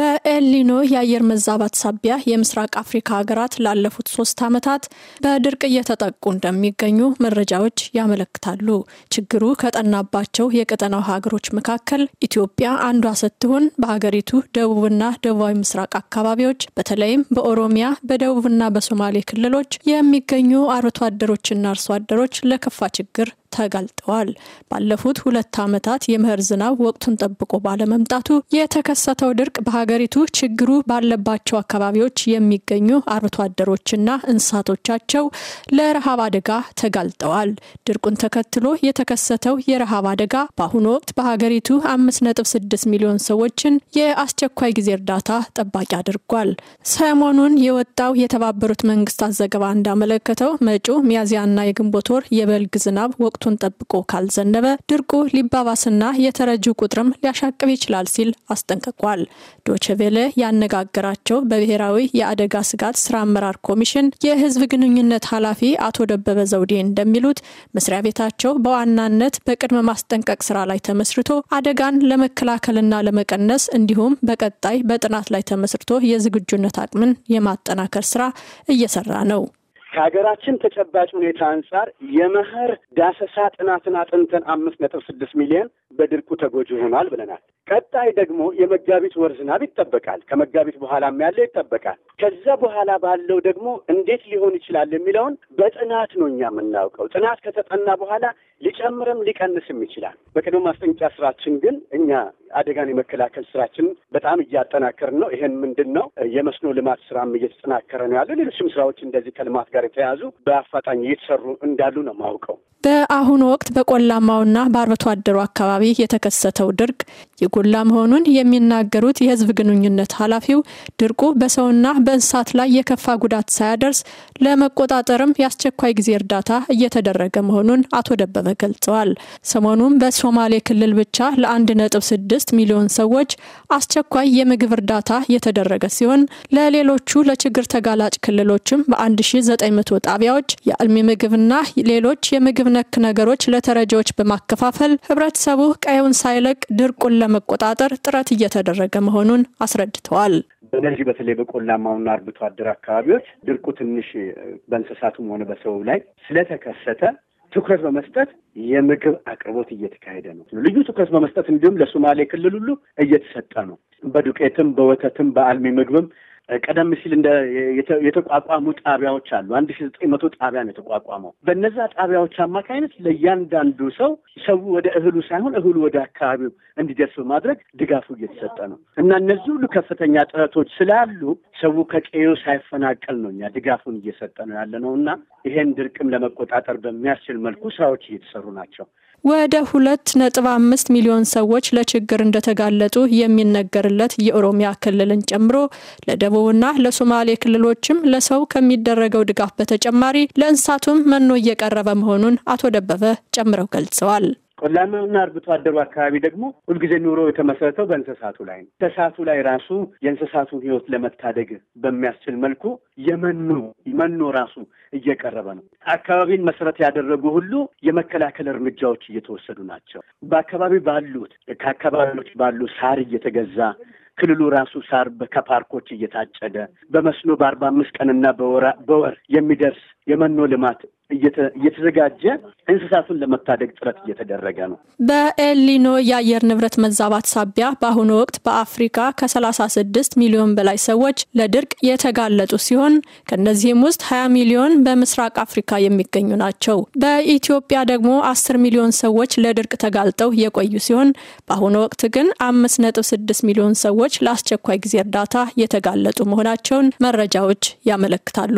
በኤልኒኖ የአየር መዛባት ሳቢያ የምስራቅ አፍሪካ ሀገራት ላለፉት ሶስት ዓመታት በድርቅ እየተጠቁ እንደሚገኙ መረጃዎች ያመለክታሉ። ችግሩ ከጠናባቸው የቀጠናው ሀገሮች መካከል ኢትዮጵያ አንዷ ስትሆን በሀገሪቱ ደቡብና ደቡባዊ ምስራቅ አካባቢዎች በተለይም በኦሮሚያ በደቡብና በሶማሌ ክልሎች የሚገኙ አርብቶ አደሮችና አርሶ አደሮች ለከፋ ችግር ተጋልጠዋል። ባለፉት ሁለት ዓመታት የመኸር ዝናብ ወቅቱን ጠብቆ ባለመምጣቱ የተከሰተው ድርቅ በሀገሪቱ ችግሩ ባለባቸው አካባቢዎች የሚገኙ አርብቶ አደሮችና እንስሳቶቻቸው ለረሃብ አደጋ ተጋልጠዋል። ድርቁን ተከትሎ የተከሰተው የረሃብ አደጋ በአሁኑ ወቅት በሀገሪቱ 5.6 ሚሊዮን ሰዎችን የአስቸኳይ ጊዜ እርዳታ ጠባቂ አድርጓል። ሰሞኑን የወጣው የተባበሩት መንግስታት ዘገባ እንዳመለከተው መጪው ሚያዝያና የግንቦት ወር የበልግ ዝናብ ወቅቱ ወቅቱን ጠብቆ ካልዘነበ ድርቁ ሊባባስና የተረጂው ቁጥርም ሊያሻቅብ ይችላል ሲል አስጠንቅቋል። ዶችቬለ ያነጋገራቸው በብሔራዊ የአደጋ ስጋት ስራ አመራር ኮሚሽን የህዝብ ግንኙነት ኃላፊ አቶ ደበበ ዘውዴ እንደሚሉት መስሪያ ቤታቸው በዋናነት በቅድመ ማስጠንቀቅ ስራ ላይ ተመስርቶ አደጋን ለመከላከልና ለመቀነስ እንዲሁም በቀጣይ በጥናት ላይ ተመስርቶ የዝግጁነት አቅምን የማጠናከር ስራ እየሰራ ነው። ከሀገራችን ተጨባጭ ሁኔታ አንጻር የመኸር ዳሰሳ ጥናትን አጥንተን አምስት ነጥብ ስድስት ሚሊዮን በድርቁ ተጎጂ ሆኗል ብለናል። ቀጣይ ደግሞ የመጋቢት ወር ዝናብ ይጠበቃል። ከመጋቢት በኋላም ያለ ይጠበቃል። ከዛ በኋላ ባለው ደግሞ እንዴት ሊሆን ይችላል የሚለውን በጥናት ነው እኛ የምናውቀው። ጥናት ከተጠና በኋላ ሊጨምርም ሊቀንስም ይችላል። በቅድመ ማስጠንቀቂያ ስራችን ግን እኛ አደጋን የመከላከል ስራችን በጣም እያጠናከርን ነው። ይሄን ምንድን ነው የመስኖ ልማት ስራም እየተጠናከረ ነው ያለው። ሌሎችም ስራዎች እንደዚህ ከልማት ጋር የተያዙ በአፋጣኝ እየተሰሩ እንዳሉ ነው ማውቀው። በአሁኑ ወቅት በቆላማውና በአርብቶ አደሩ አካባቢ የተከሰተው ድርቅ የጎላ መሆኑን የሚናገሩት የህዝብ ግንኙነት ኃላፊው ድርቁ በሰውና በእንስሳት ላይ የከፋ ጉዳት ሳያደርስ ለመቆጣጠርም የአስቸኳይ ጊዜ እርዳታ እየተደረገ መሆኑን አቶ ደበበ ገልጸዋል። ሰሞኑም በሶማሌ ክልል ብቻ ለ1.6 ሚሊዮን ሰዎች አስቸኳይ የምግብ እርዳታ እየተደረገ ሲሆን ለሌሎቹ ለችግር ተጋላጭ ክልሎችም በ1900 ጣቢያዎች የአልሚ ምግብና ሌሎች የምግብ ነክ ነገሮች ለተረጂዎች በማከፋፈል ህብረተሰቡ ቀየውን ሳይለቅ ድርቁን ለመቆጣጠር ጥረት እየተደረገ መሆኑን አስረድተዋል። እነዚህ በተለይ በቆላማውና አርብቶ አደር አካባቢዎች ድርቁ ትንሽ በእንስሳቱም ሆነ በሰው ላይ ስለተከሰተ ትኩረት በመስጠት የምግብ አቅርቦት እየተካሄደ ነው። ልዩ ትኩረት በመስጠት እንዲሁም ለሶማሌ ክልል ሁሉ እየተሰጠ ነው። በዱቄትም፣ በወተትም፣ በአልሚ ምግብም ቀደም ሲል እንደ የተቋቋሙ ጣቢያዎች አሉ። አንድ ሺ ዘጠኝ መቶ ጣቢያ ነው የተቋቋመው። በነዛ ጣቢያዎች አማካይነት ለእያንዳንዱ ሰው ሰው ወደ እህሉ ሳይሆን እህሉ ወደ አካባቢው እንዲደርስ በማድረግ ድጋፉ እየተሰጠ ነው እና እነዚህ ሁሉ ከፍተኛ ጥረቶች ስላሉ ሰው ከቀዮ ሳይፈናቀል ነው እኛ ድጋፉን እየሰጠ ነው ያለ ነው እና ይሄን ድርቅም ለመቆጣጠር በሚያስችል መልኩ ስራዎች እየተሰሩ ናቸው። ወደ ሁለት ነጥብ አምስት ሚሊዮን ሰዎች ለችግር እንደተጋለጡ የሚነገርለት የኦሮሚያ ክልልን ጨምሮ ለደቡብና ለሶማሌ ክልሎችም ለሰው ከሚደረገው ድጋፍ በተጨማሪ ለእንስሳቱም መኖ እየቀረበ መሆኑን አቶ ደበበ ጨምረው ገልጸዋል። ቆላማውና አርብቶ አደሩ አካባቢ ደግሞ ሁልጊዜ ኑሮ የተመሰረተው በእንስሳቱ ላይ ነው። እንስሳቱ ላይ ራሱ የእንስሳቱን ህይወት ለመታደግ በሚያስችል መልኩ የመኖ መኖ ራሱ እየቀረበ ነው። አካባቢን መሰረት ያደረጉ ሁሉ የመከላከል እርምጃዎች እየተወሰዱ ናቸው። በአካባቢ ባሉት ከአካባቢዎች ባሉ ሳር እየተገዛ ክልሉ ራሱ ሳር ከፓርኮች እየታጨደ በመስኖ በአርባ አምስት ቀንና በወር የሚደርስ የመኖ ልማት እየተዘጋጀ እንስሳቱን ለመታደግ ጥረት እየተደረገ ነው። በኤልኒኖ የአየር ንብረት መዛባት ሳቢያ በአሁኑ ወቅት በአፍሪካ ከ36 ሚሊዮን በላይ ሰዎች ለድርቅ የተጋለጡ ሲሆን ከእነዚህም ውስጥ 20 ሚሊዮን በምስራቅ አፍሪካ የሚገኙ ናቸው። በኢትዮጵያ ደግሞ 10 ሚሊዮን ሰዎች ለድርቅ ተጋልጠው የቆዩ ሲሆን በአሁኑ ወቅት ግን 5.6 ሚሊዮን ሰዎች ለአስቸኳይ ጊዜ እርዳታ የተጋለጡ መሆናቸውን መረጃዎች ያመለክታሉ።